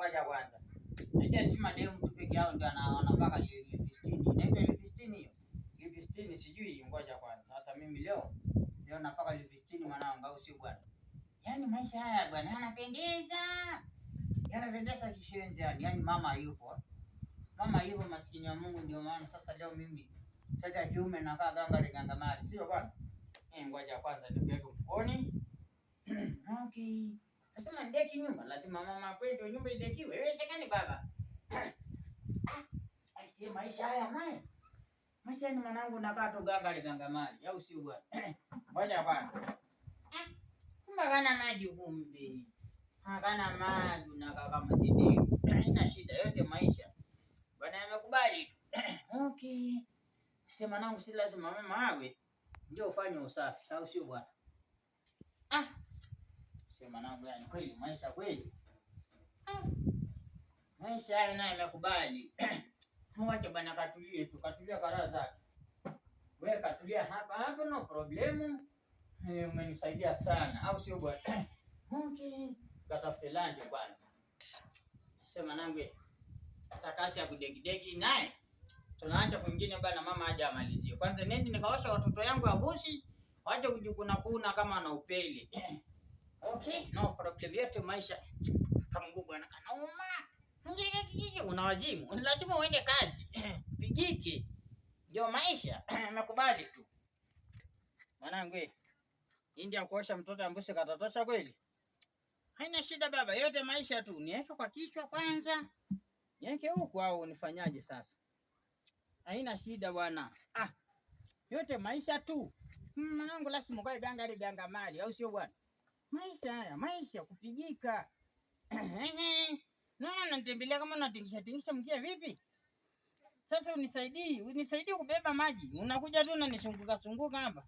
moja kwanza. Najua si mademu tu peke yao ndio anaona mpaka lipistini. Inaitwa lipistini hiyo. Lipistini sijui ngoja kwanza. Hata mimi leo leo napaka lipistini mwanangu au si bwana. Yaani maisha haya bwana yanapendeza. Yanapendeza kishenzi yani. Yaani mama hayupo. Mama hayupo maskini ya Mungu ndio maana sasa leo mimi tata kiume nakaa ganga liganga mali. Sio bwana. Eh, ngoja kwanza niweke mfukoni. Okay. Nasema ndeki nyumba, lazima mama kwenda nyumba idekiwe. Haiwezekani baba. Aisee, maisha haya maya. Maisha ni mwanangu nakaa tu gamba ligangamani, au sio bwana? Ngoja bwana. Kumba kana maji kumbe. Hakana maji na kaka msidiku. Haina shida yote maisha. Bwana amekubali Okay. Sema nangu si lazima mama awe ndio ufanye usafi, au sio bwana? sema nangu, yani kweli maisha kweli, maisha haya naye amekubali. Mwache bwana katulie tu, katulia karaa zake we, katulia hapa hapa, no problemu. Eh, umenisaidia sana, au sio bwana? Mke katafute lanje kwanza, sema nangu ya kudegidegi naye tunaacha kwingine bwana, mama aje amalizie kwanza, nende nikaosha watoto yangu ya abusi, waje kujikuna kuna kama na upele Okay, na problem yetu maisha kama Mungu Bwana kanauma. Ngine kijiji unawazimu, lazima uende kazi. pigike Ndio maisha, nakubali tu. Mwanangu eh. India kuosha mtoto ambusi katatosha kweli? Haina shida baba, yote maisha tu. Niweke kwa kichwa kwanza. Niweke huku au nifanyaje sasa? Haina shida bwana. Ah. Yote maisha tu. Mm, mwanangu lazima ukae ganga ile ganga mali au sio bwana? maisha haya, maisha ya kupigika. Naona nanitembelea kama unatingisha tingisha mkia vipi? Sasa unisaidii, unisaidii kubeba maji. Unakuja tu unanisunguka sunguka hapa.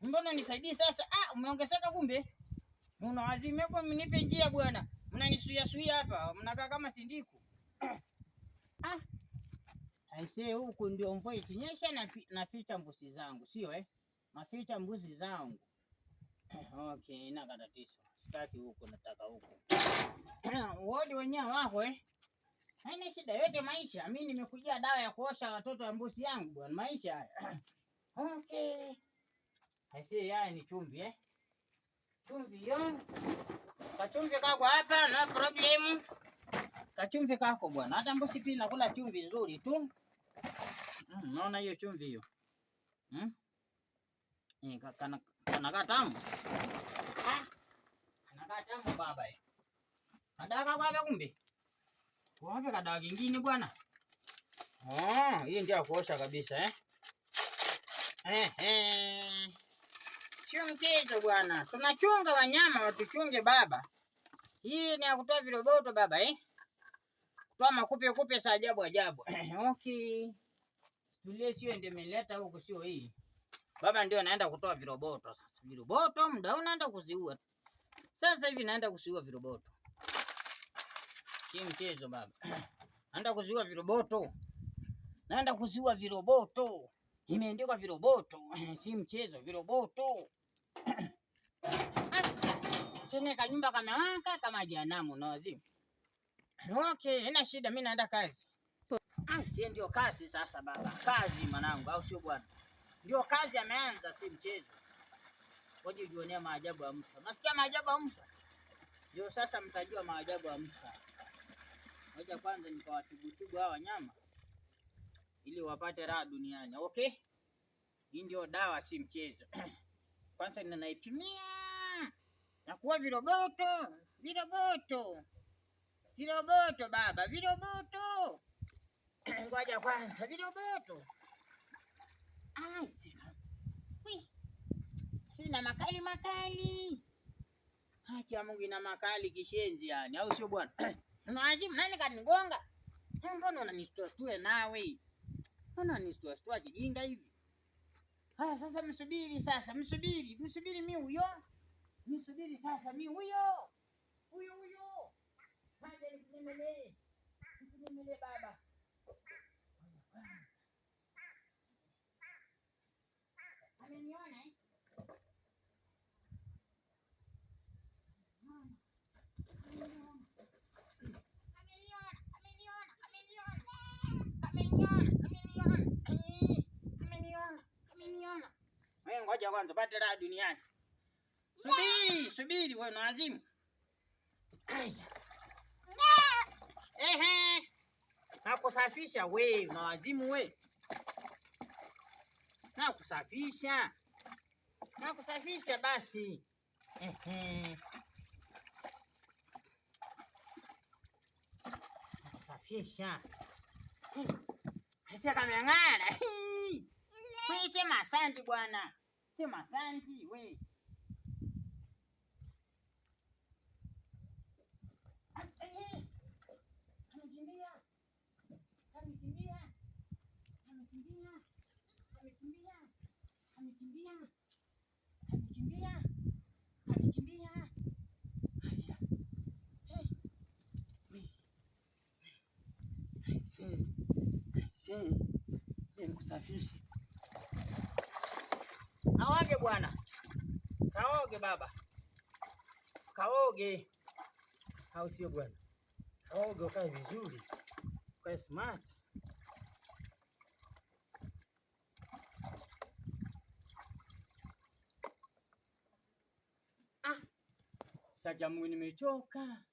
Mbona nisaidii sasa? Ah, umeongezeka kumbe. Unawazimia kwa mnipe njia bwana. Mnanisuia suia hapa. Mnakaa kama sindiku. Ah. Aisee, huku ndio mvua ikinyesha na naficha mbuzi zangu, sio eh? Naficha mbuzi zangu. Okay, ina tatizo. Sitaki huko, nataka huko. Wodi wenyewe wako eh? Haina shida yote maisha. Mimi nimekujia dawa ya kuosha watoto ya mbusi yangu bwana, maisha haya. Okay. Hasi yaya ni chumvi eh? Chumvi yo Kachumvi kako hapa, no problem. Kachumvi kako bwana. Hata mbusi pia nakula chumvi nzuri tu. Mm, naona hiyo chumvi hiyo. Hmm? Eh, kana Anakaa tamu. Anakaa tamu baba. Kadaka baba kumbe. Wapi kadaka kingine bwana? Ah, hii ndio kuosha kabisa eh. Eh eh. Sio mchezo bwana. Tunachunga wanyama watuchunge baba. Hii ni ya kutoa viroboto baba eh. Kutoa makupe kupe saa ajabu ajabu. Okay. Tulie sio ndio imeleta huko sio hii. Baba ndio naenda kutoa viroboto sasa. Viroboto mda unaenda kuziua. Sasa hivi naenda kuziua viroboto. Si mchezo baba. Naenda kuziua viroboto. Naenda kuziua viroboto. Imeandikwa viroboto. Si mchezo viroboto. Sene kanyumba kamelaka kama jehanamu na wazimu. Okay, ina shida mimi naenda kazi. Ah, si ndio kazi sasa baba. Kazi mwanangu au sio bwana? Ndio kazi ameanza, si mchezo. Ngoja ujionee maajabu ya Musa. Nasikia maajabu ya Musa, ndio sasa mtajua maajabu ya Musa. moja kwanza nikawatubutubu hawa wanyama ili wapate raha duniani. Okay, hii ndio dawa, si mchezo. Kwanza ninaipimia na kuwa viroboto, viroboto, viroboto baba, viroboto. Ngoja kwanza, viroboto sina makali makali. Haki ya Mungu ina makali kishenzi yani, au sio bwana? Unawazimu nani kanigonga? Mbona unanistuastue nawe? Mbona unanistuastua kijinga hivi? Haya sasa, msubiri sasa, msubiri, msubiri mi huyo, msubiri sasa mi huyo huyo huyo, aja nikunemelee, nikunemelee baba ngoja kwanza pate raha duniani. Subiri, subiri wewe naazimu. Ehe. Nakusafisha wewe nawazimu we. Nakusafisha. Nakusafisha basi. Ehe. Nakusafisha. Hisia kama ng'ara. sema asante bwana. Sema asanti we. Amekimbia, amekimbia, amekimbia, amekimbia, amekimbia, amekimbia, amekimbia. Aise, aise. kaoge baba, kaoge, au sio bwana? Kaoge ukae vizuri, ukae smart. Ah, sasa nimechoka.